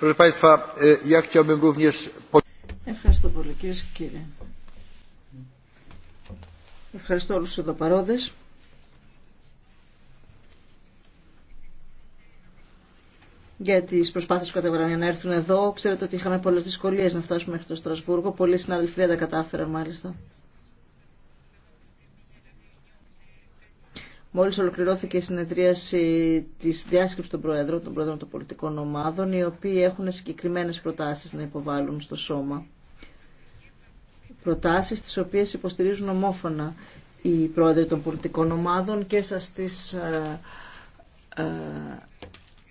Ευχαριστώ πολύ κύριε και κύριοι. Ευχαριστώ όλους τους εδώ παρόντες. για τι προσπάθειε που για να έρθουν εδώ. Ξέρετε ότι είχαμε πολλέ δυσκολίε να φτάσουμε μέχρι το Στρασβούργο. Πολλοί συναδελφοί δεν τα κατάφεραν μάλιστα. Μόλι ολοκληρώθηκε η συνεδρίαση τη διάσκεψη των Προέδρων, των Προέδρων των Πολιτικών Ομάδων, οι οποίοι έχουν συγκεκριμένε προτάσει να υποβάλουν στο σώμα. προτάσει τι οποίε υποστηρίζουν ομόφωνα οι Πρόεδροι των Πολιτικών Ομάδων και σα τι ε, ε,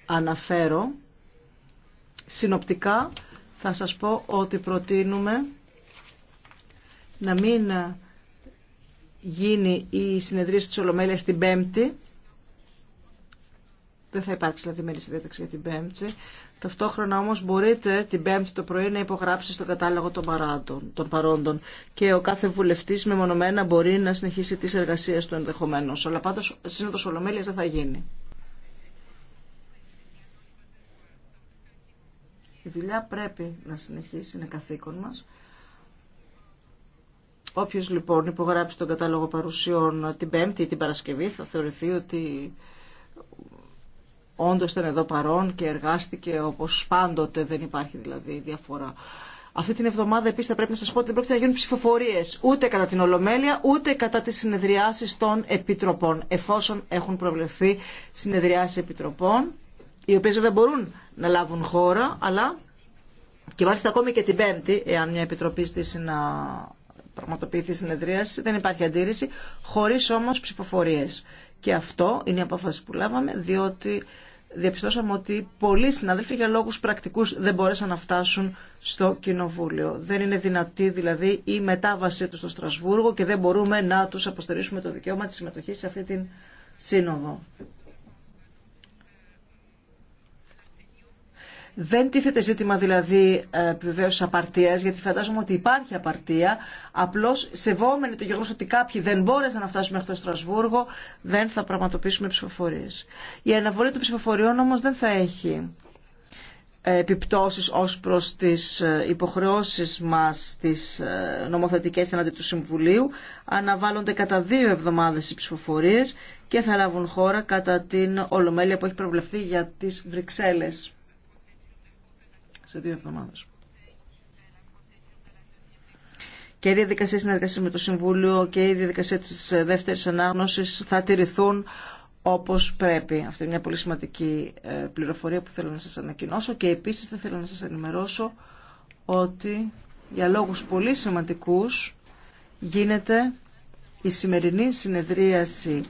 αναφέρω. Συνοπτικά θα σας πω ότι προτείνουμε να μην γίνει η συνεδρίαση της Ολομέλειας την Πέμπτη. Δεν θα υπάρξει δηλαδή μέλη συνέντευξη για την Πέμπτη. Ταυτόχρονα όμως μπορείτε την Πέμπτη το πρωί να υπογράψει στον κατάλογο των, των παρόντων και ο κάθε βουλευτής μεμονωμένα μπορεί να συνεχίσει τις εργασίες του ενδεχομένως. Αλλά πάντως σύνοδος Ολομέλειας δεν θα γίνει. Η δουλειά πρέπει να συνεχίσει, είναι καθήκον μας. Όποιο λοιπόν υπογράψει τον κατάλογο παρουσιών την Πέμπτη ή την Παρασκευή θα θεωρηθεί ότι όντω ήταν εδώ παρόν και εργάστηκε όπω πάντοτε, δεν υπάρχει δηλαδή διαφορά. Αυτή την εβδομάδα επίση θα πρέπει να σα πω ότι δεν πρόκειται να γίνουν ψηφοφορίε ούτε κατά την Ολομέλεια ούτε κατά τι συνεδριάσει των Επιτροπών, εφόσον έχουν προβλεφθεί συνεδριάσει Επιτροπών, οι οποίε δεν μπορούν να λάβουν χώρα, αλλά και μάλιστα ακόμη και την Πέμπτη, εάν μια Επιτροπή στήσει να πραγματοποιηθεί συνεδρίαση, δεν υπάρχει αντίρρηση, χωρί όμω ψηφοφορίε. Και αυτό είναι η απόφαση που λάβαμε, διότι διαπιστώσαμε ότι πολλοί συναδέλφοι για λόγου πρακτικού δεν μπόρεσαν να φτάσουν στο Κοινοβούλιο. Δεν είναι δυνατή δηλαδή η μετάβασή του στο Στρασβούργο και δεν μπορούμε να του αποστερήσουμε το δικαίωμα τη συμμετοχή σε αυτή την σύνοδο. Δεν τίθεται ζήτημα δηλαδή βεβαίω απαρτία, γιατί φαντάζομαι ότι υπάρχει απαρτία. Απλώ σεβόμενοι το γεγονό ότι κάποιοι δεν μπόρεσαν να φτάσουν μέχρι το Στρασβούργο, δεν θα πραγματοποιήσουμε ψηφοφορίε. Η αναβολή των ψηφοφοριών όμω δεν θα έχει ε, επιπτώσει ω προ τι ε, υποχρεώσει μα τι ε, νομοθετικέ εναντί του Συμβουλίου. Αναβάλλονται κατά δύο εβδομάδε οι ψηφοφορίε και θα λάβουν χώρα κατά την Ολομέλεια που έχει προβλεφθεί για τι Βρυξέλλες σε δύο εβδομάδες. Και η διαδικασία συνεργασία με το Συμβούλιο και η διαδικασία της δεύτερης ανάγνωσης θα τηρηθούν όπως πρέπει. Αυτή είναι μια πολύ σημαντική ε, πληροφορία που θέλω να σας ανακοινώσω και επίσης θα θέλω να σας ενημερώσω ότι για λόγους πολύ σημαντικούς γίνεται η σημερινή συνεδρίαση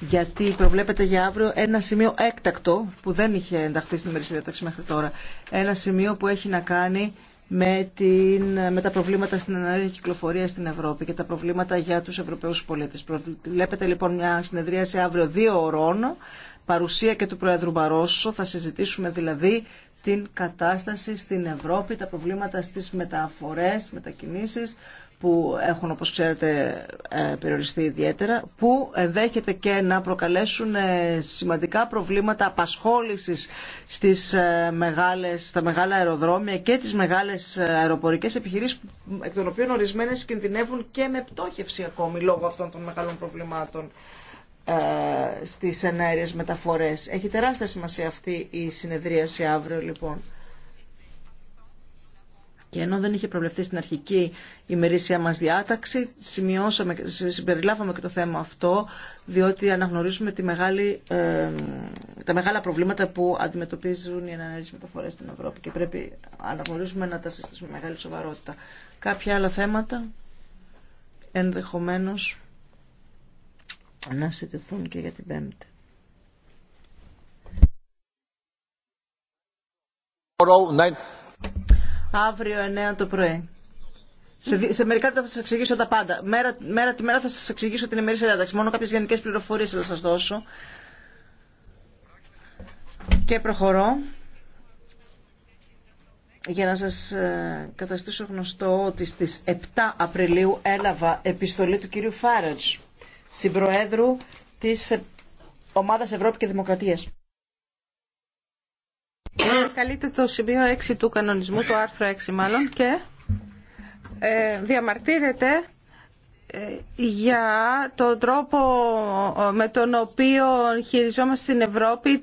γιατί προβλέπεται για αύριο ένα σημείο έκτακτο που δεν είχε ενταχθεί στην ημερήσια διάταξη μέχρι τώρα. Ένα σημείο που έχει να κάνει με, την, με τα προβλήματα στην ενέργεια κυκλοφορία στην Ευρώπη και τα προβλήματα για τους Ευρωπαίους πολίτες. Βλέπετε λοιπόν μια συνεδρία σε αύριο δύο ωρών, παρουσία και του Πρόεδρου Μπαρόσο. Θα συζητήσουμε δηλαδή την κατάσταση στην Ευρώπη, τα προβλήματα στις μεταφορές, μετακινήσεις, που έχουν όπως ξέρετε ε, περιοριστεί ιδιαίτερα που ενδέχεται και να προκαλέσουν ε, σημαντικά προβλήματα απασχόλησης στις ε, μεγάλες, στα μεγάλα αεροδρόμια και τις μεγάλες αεροπορικές επιχειρήσεις εκ των οποίων ορισμένες κινδυνεύουν και με πτώχευση ακόμη λόγω αυτών των μεγάλων προβλημάτων στις ενέργειες μεταφορές. Έχει τεράστια σημασία αυτή η συνεδρίαση αύριο λοιπόν. Και ενώ δεν είχε προβλεφθεί στην αρχική ημερήσια μας διάταξη, σημειώσαμε, συμπεριλάβαμε και το θέμα αυτό, διότι αναγνωρίζουμε τη μεγάλη, τα μεγάλα προβλήματα που αντιμετωπίζουν οι ενανερείς μεταφορές στην Ευρώπη και πρέπει αναγνωρίζουμε να τα συστήσουμε με μεγάλη σοβαρότητα. Κάποια άλλα θέματα ενδεχομένως να συζητηθούν και για την Πέμπτη αύριο 9 το πρωί. Σε, σε μερικά λεπτά θα σα εξηγήσω τα πάντα. Μέρα, μέρα τη μέρα θα σα εξηγήσω την ημερήσια διάταξη. Μόνο κάποιε γενικέ πληροφορίε θα σα δώσω. Και προχωρώ. Για να σας ε, καταστήσω γνωστό ότι στις 7 Απριλίου έλαβα επιστολή του κυρίου Φάρετζ, συμπροέδρου της Ομάδας Ευρώπη και Δημοκρατίας καλείται το σημείο 6 του κανονισμού, το άρθρο 6 μάλλον, και ε, διαμαρτύρεται ε, για τον τρόπο ε, με τον οποίο χειριζόμαστε στην Ευρώπη